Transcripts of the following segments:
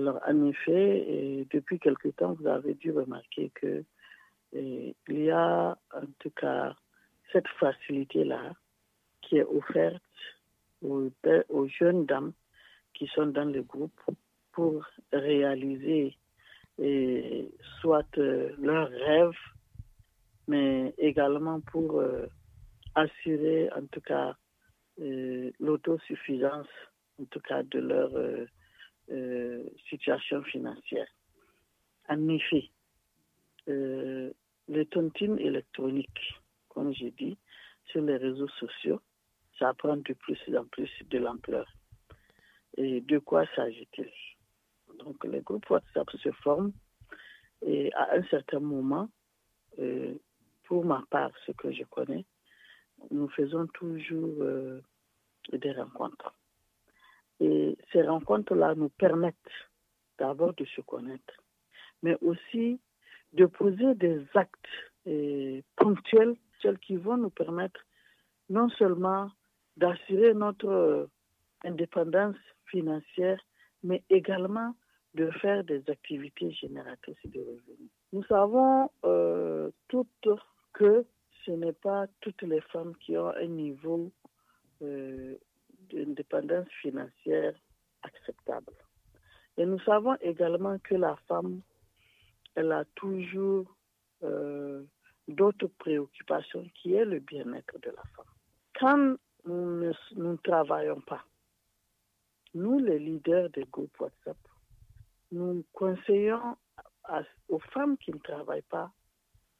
Alors, en effet, depuis quelque temps, vous avez dû remarquer que il y a en tout cas cette facilité-là qui est offerte aux, aux, jeunes dames qui sont dans le groupe pour réaliser soit leur leurs rêves, mais également pour euh, assurer en tout cas euh, l'autosuffisance en tout cas de leur euh, situation financière. En effet, euh, les tontines électroniques, comme j'ai dit, sur les réseaux sociaux, ça prend de plus en plus de l'ampleur. Et de quoi s'agit-il Donc les groupes WhatsApp se forment et à un certain moment, euh, pour ma part, ce que je connais, nous faisons toujours euh, des rencontres. Et ces rencontres-là nous permettent d'abord de se connaître, mais aussi de poser des actes euh, ponctuels, celles qui vont nous permettre non seulement d'assurer notre euh, indépendance financière, mais également de faire des activités génératrices de revenus. Nous savons euh, toutes que ce n'est pas toutes les femmes qui ont un niveau d'indépendance financière acceptable. Et nous savons également que la femme, elle a toujours euh, d'autres préoccupations qui est le bien-être de la femme. Quand nous ne travaillons pas, nous, les leaders des groupes WhatsApp, nous conseillons aux femmes qui ne travaillent pas,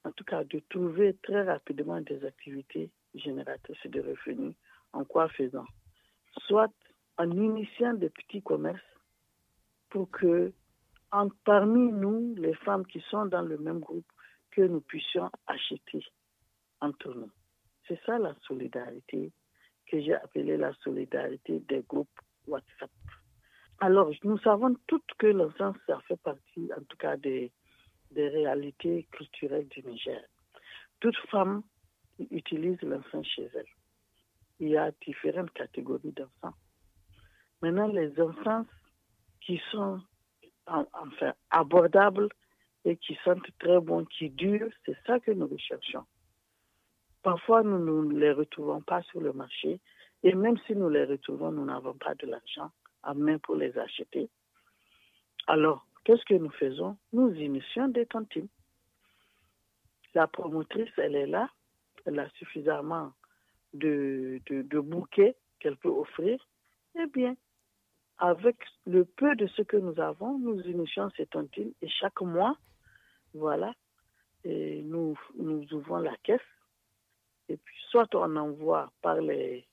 en tout cas, de trouver très rapidement des activités génératrices de revenus. En quoi faisant Soit en initiant des petits commerces, pour que parmi nous, les femmes qui sont dans le même groupe, que nous puissions acheter entre nous. C'est ça la solidarité que j'ai appelée la solidarité des groupes WhatsApp. Alors, nous savons toutes que l'enfance ça fait partie, en tout cas, des, des réalités culturelles du Niger. Toute femme utilise l'enfance chez elle. Il y a différentes catégories d'enfants. Maintenant, les enfants qui sont enfin abordables et qui sentent très bons, qui durent. C'est ça que nous recherchons. Parfois, nous ne les retrouvons pas sur le marché et même si nous les retrouvons, nous n'avons pas de l'argent à main pour les acheter. Alors, qu'est-ce que nous faisons Nous initions des tantimes. La promotrice, elle est là, elle a suffisamment de bouquets qu'elle peut offrir. Eh bien, avec le peu de ce que nous avons, nous initions cette tontines et chaque mois, voilà, nous, nous ouvrons la caisse. Et puis, soit on envoie par les,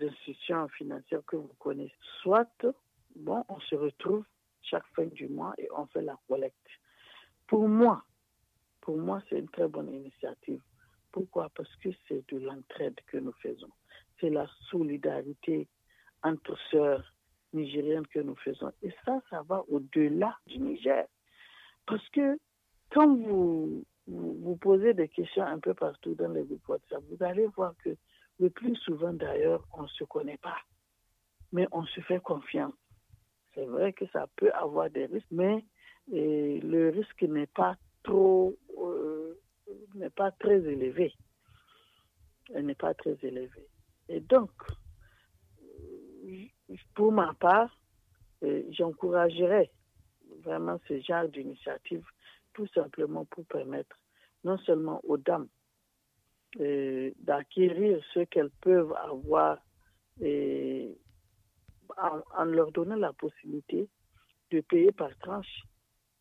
institutions financières que vous connaissez, soit, bon, on se retrouve chaque fin du mois et on fait la collecte. Pour moi, pour moi, c'est une très bonne initiative. Pourquoi Parce que c'est de l'entraide que nous faisons. C'est la solidarité entre sœurs, nigérienne que nous faisons. Et ça, ça va au-delà du Niger. Parce que quand vous, vous, posez des questions un peu partout dans les groupes WhatsApp, vous allez voir que le plus souvent d'ailleurs, on ne se connaît pas, mais on se fait confiance. C'est vrai que ça peut avoir des risques, mais le risque n'est pas trop, euh, n'est pas très élevé. Elle n'est pas très élevé. Et donc, pour ma part, euh, j'encouragerais vraiment ce genre d'initiative tout simplement pour permettre non seulement aux dames euh, d'acquérir ce qu'elles peuvent avoir et, euh, en, leur donnant la possibilité de payer par tranche,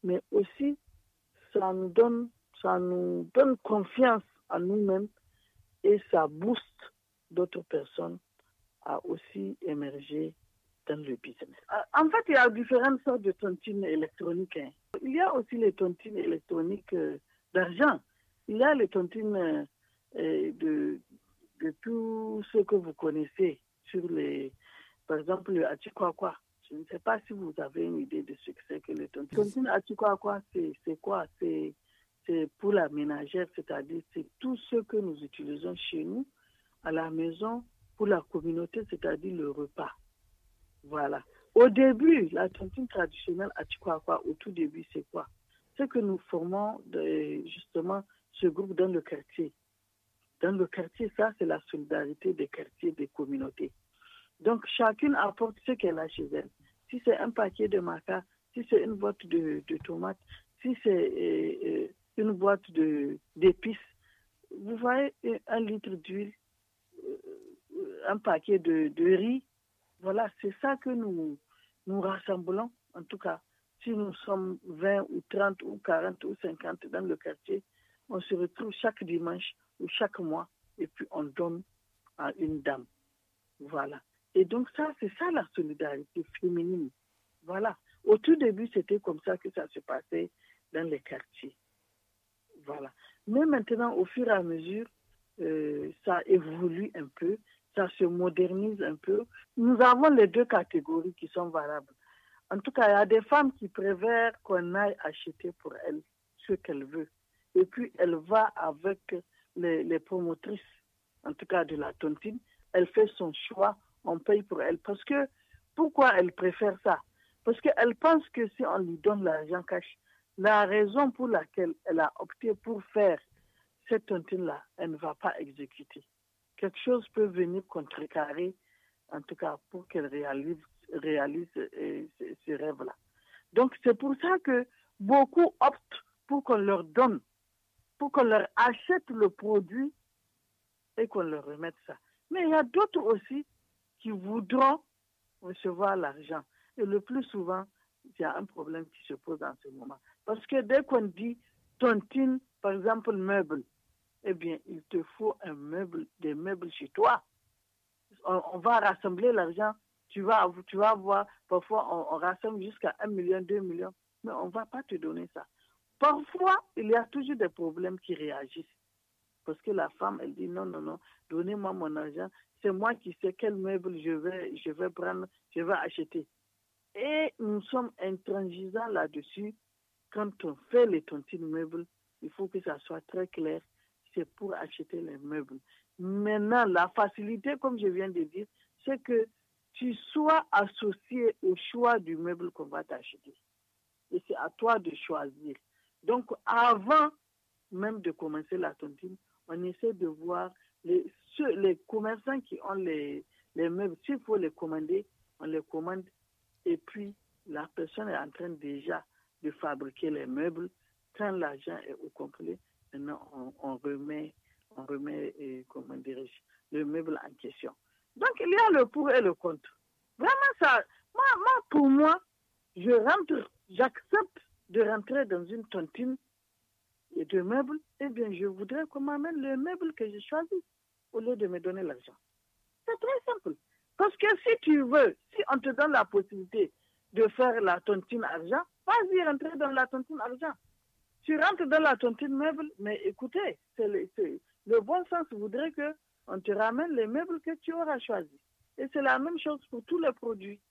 mais aussi ça nous donne, ça nous donne confiance en nous-mêmes et ça booste d'autres personnes à aussi émerger dans le business. Euh, en fait, il y a différentes sortes de tontines électroniques. Hein. Il y a aussi les tontines électroniques euh, d'argent. Il y a les tontines euh, de, de tout ce que vous connaissez sur les, par exemple, le Achikwakwa. Je ne sais pas si vous avez une idée de ce que c'est que le tontine. Tontine Achikwakwa, c'est quoi C'est pour la ménagère, c'est-à-dire c'est tout ce que nous utilisons chez nous, à la maison, pour la communauté, c'est-à-dire le repas. Voilà. Au début, la tontine traditionnelle à quoi au tout début, c'est quoi C'est que nous formons justement ce groupe dans le quartier. Dans le quartier, ça, c'est la solidarité des quartiers, des communautés. Donc, chacune apporte ce qu'elle a chez elle. Si c'est un paquet de maca, si c'est une boîte de, tomates, si c'est euh, euh, une boîte d'épices, vous voyez un litre d'huile, euh, un paquet de riz, voilà, c'est ça que nous nous rassemblons, en tout cas. Si nous sommes 20 ou 30 ou 40 ou 50 dans le quartier, on se retrouve chaque dimanche ou chaque mois et puis on donne à une dame. Voilà. Et donc ça, c'est ça la solidarité féminine. Voilà. Au tout début, c'était comme ça que ça se passait dans les quartiers. Voilà. Mais maintenant, au fur et à mesure, euh, ça évolue un peu ça se modernise un peu. Nous avons les deux catégories qui sont valables. En tout cas, il y a des femmes qui préfèrent qu'on aille acheter pour elles ce qu'elles veulent. Et puis, elle va avec les, promotrices, en tout cas de la tontine. Elle fait son choix, on paye pour elle. Parce que, pourquoi elle préfère ça Parce qu'elle pense que si on lui donne l'argent cash, la raison pour laquelle elle a opté pour faire cette tontine-là, elle ne va pas exécuter quelque chose peut venir contrecarrer, en tout cas pour qu'elle réalise, réalise rêves ce, là Donc c'est pour ça que beaucoup optent pour qu'on leur donne, pour qu'on leur achète le produit et qu'on leur remette ça. Mais il y a d'autres aussi qui voudront recevoir l'argent. Et le plus souvent, il y a un problème qui se pose en ce moment. Parce que dès qu'on dit tontine, par exemple, meuble, eh bien, il te faut un meuble chez toi. On, va rassembler l'argent. Tu vas, tu vas voir, parfois on, rassemble jusqu'à un million, deux millions, mais on va pas te donner ça. Parfois, il y a toujours des problèmes qui réagissent. Parce que la femme, elle dit non, non, non, donnez-moi mon argent. C'est moi qui sais quel meuble je vais, je vais prendre, je vais acheter. Et nous sommes intransigeants là-dessus. Quand on fait les tontines meubles, il faut que ça soit très clair. C'est pour acheter les meubles. Maintenant, la facilité, comme je viens de dire, c'est que tu sois associé au choix du meuble qu'on va t'acheter. Et c'est à toi de choisir. Donc, avant même de commencer la tontine, on essaie de voir les, les commerçants qui ont les, les meubles. S'il faut les commander, on les commande. Et puis, la personne est en train déjà de fabriquer les meubles. Quand l'argent est au complet, maintenant, on remet on remet, et, comment dirais le meuble en question. Donc, il y a le pour et le contre. Vraiment, ça, moi, pour moi, je rentre, j'accepte de rentrer dans une tontine et de meubles. Et eh bien, je voudrais qu'on m'amène le meuble que j'ai choisi au lieu de me donner l'argent. C'est très simple. Parce que si tu veux, si on te donne la possibilité de faire la tontine argent, vas-y rentrer dans la tontine argent. Tu rentres dans la tontine meuble, mais écoutez, c'est le bon sens voudrait que on te ramène les meubles que tu auras choisis. Et c'est la même chose pour tous les produits.